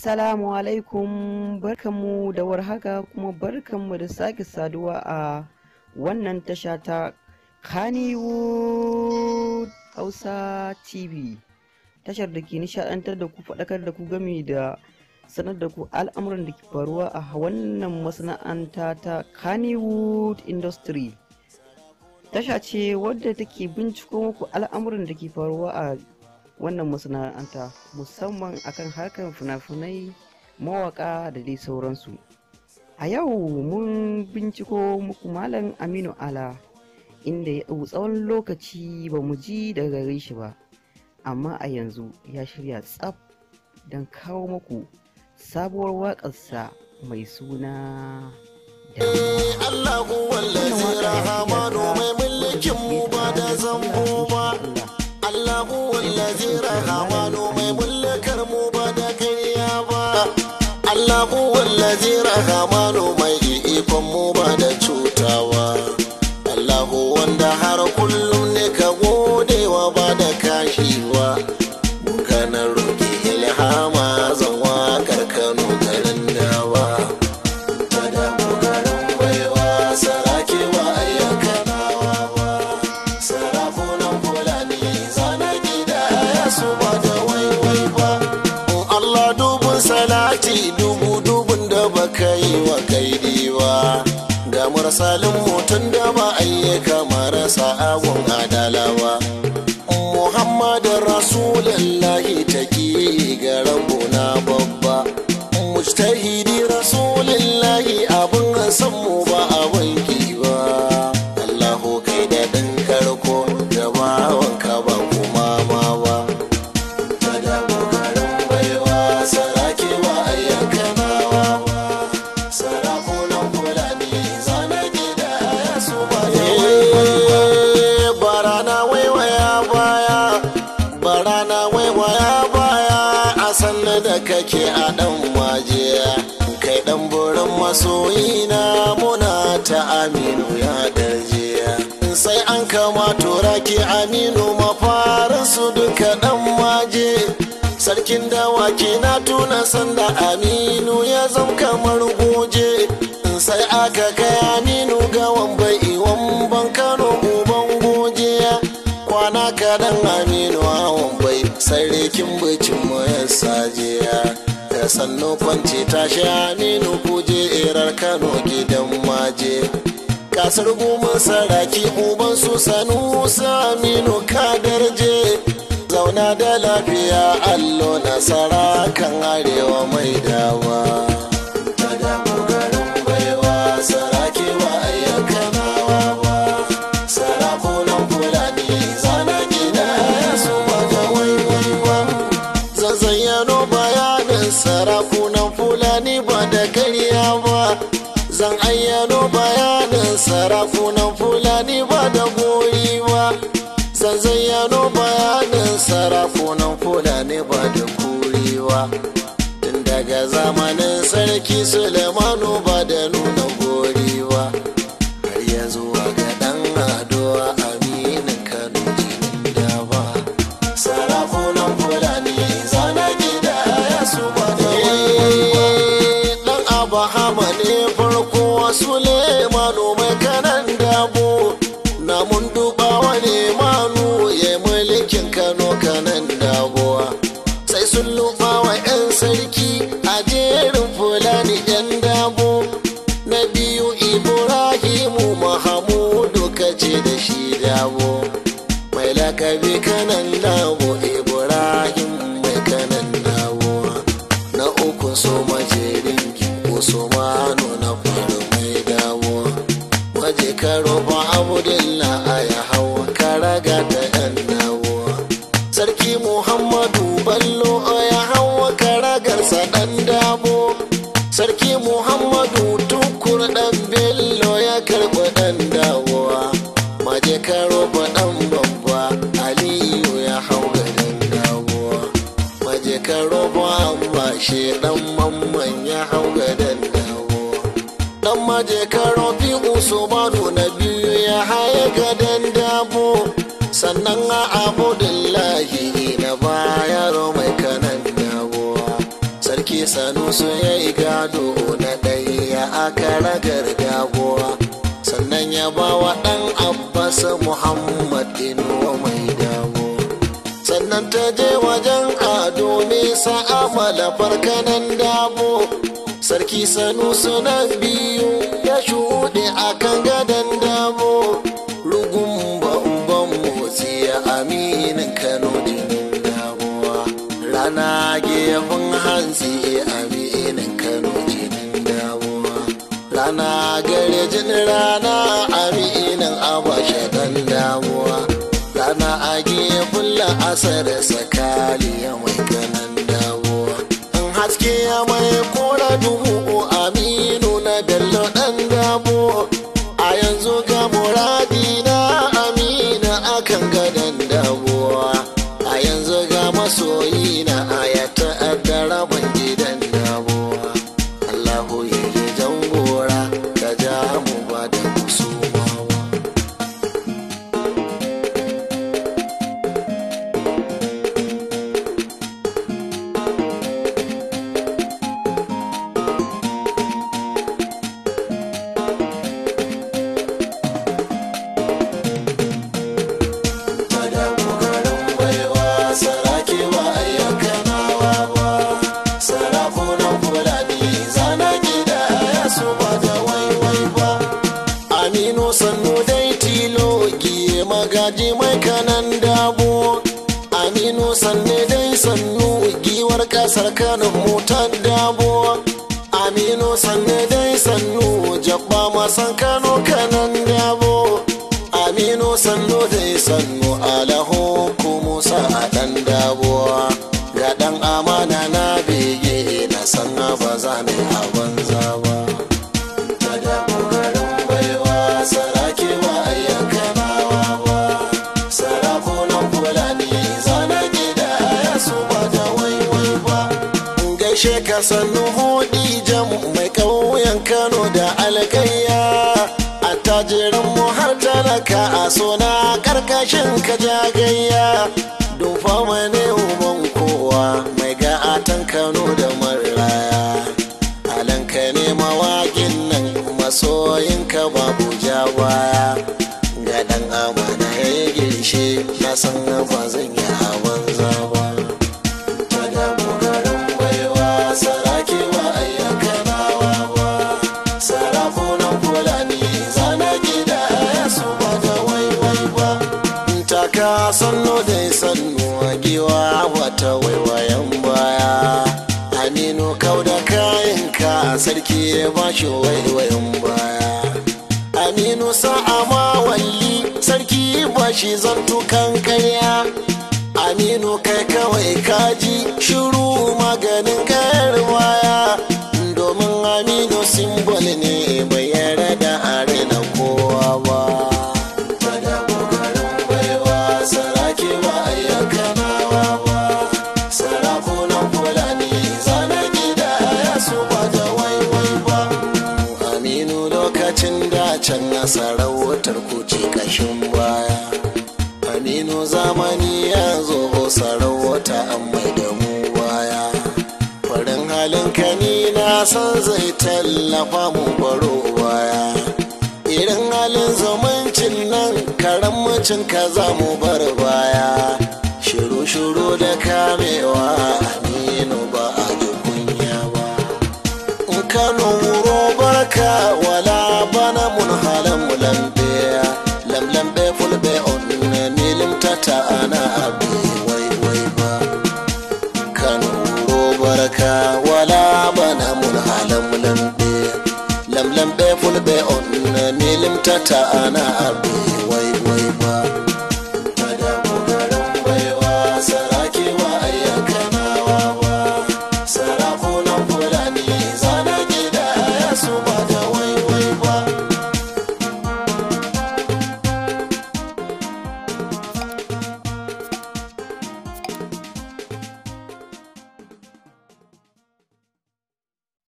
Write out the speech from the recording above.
Assalamu alaikum barkanmu da warhaka kuma barkanmu da sake saduwa a wannan tasha ta Kannywood Hausa TV. Tashar da ke nishadantar da ku faɗakar da ku gami da sanar da ku al'amuran da ke faruwa a wannan masana'anta ta Kannywood Industry. Tasha ce wadda take binciko muku al'amuran da ke faruwa a wannan masana'anta musamman akan harkar fina-finai mawaka da dai sauransu a yau mun binciko muku malam aminu ala inda ya ɗau tsawon lokaci ba mu ji daga gare shi ba amma a yanzu ya shirya tsaf don kawo muku sabuwar waƙarsa mai suna Allah kuwa lalzira mai mulkin mu ba da zambo ba Allah huwal ladhi mai mulkar mu ba da kariya ba Allah huwal ladhi mai ikon mu ba da cutawa allahu wanda har kullum ne ka godewa ba da kashiwa salin hoton dama ayyuka marasa agon adalawa masoyina muna ta aminu ya darje sai an kama turaki aminu mafarin su duka dan maje sarkin dawaki na tuna sanda aminu ya zam kamar goje sai aka kai aminu gawan wambai, iwan ban kano uban goje kwana kaɗan aminu hawan bai sarkin bikin mu ya sajiya sannu kwanci ta sha aminu kuje erar kano gidan maje kasar goma saraki uban su sanu ka kadarje zauna da lafiya allo nasara kan arewa mai dawa sarafunan fulani ba da gori ba san zayyano bayanin sarakunan fulani ba da gori ba tun daga zamanin sarki sulemanu ba lakabi kanan dawo ibrahim mai kanan dawo na uku so majerin ko so mano na faru mai dawo waje karo ba abudullah gadandawo dan maje karo fi usmanu na biyu ya haya gadan dabo sannan a abudullahi na bayar mai kanan dawo sarki sanusu ya yi gado na ɗaya aka ragar dawo sannan ya ba wa ɗan abbas muhammad inuwa mai dawo sannan ta je wajen ado nisa amala farkanan dabo sanu suna biyu ya shuɗe a kan gadon damo rugun ba'uban motsi ya aminin kano damuwa rana gefen hansi ya aminin kano damuwa rana garejin rana aminin abashe dan damuwa rana a gefen la'asar sakali yawai mai sarkanin motar dabuwa aminu sanne dai sannu jabba masan kano kanan dabo aminu sanno dai sannu alaho ko musa a dan dabuwa ga dan amana na bege na san ba za ka sannu hudi jam mai ƙauyen kano da alkayya a tajirin mu har talaka a suna karkashin ka jagayya dufa mane uban kowa mai ga'atan kano da maraya alanka ne mawaƙin nan masoyinka babu jawaya ga ɗan amana ya yi girshe na san ba zan yi a banza ba ka sannu dai sannu a giwa wata waiwayen baya aminu kau da kayanka sarki ya ba shi waiwayen baya aminu sa'a ma walli sarki ba shi zantukan karya aminu kai kawai kaji shiru can na sarautar ku ce kashin baya fanino zamani ya zo sarauta an mai da mu baya farin halin ka na san zai tallafa mu baro baya irin halin zamancin nan mucin ka za mu bar baya shiru-shiru da kamewa aminu ba ta ana abu wai wai ba kan robar ka wala bana mun halam lambe lamlambe fulbe on milimta ta ana abu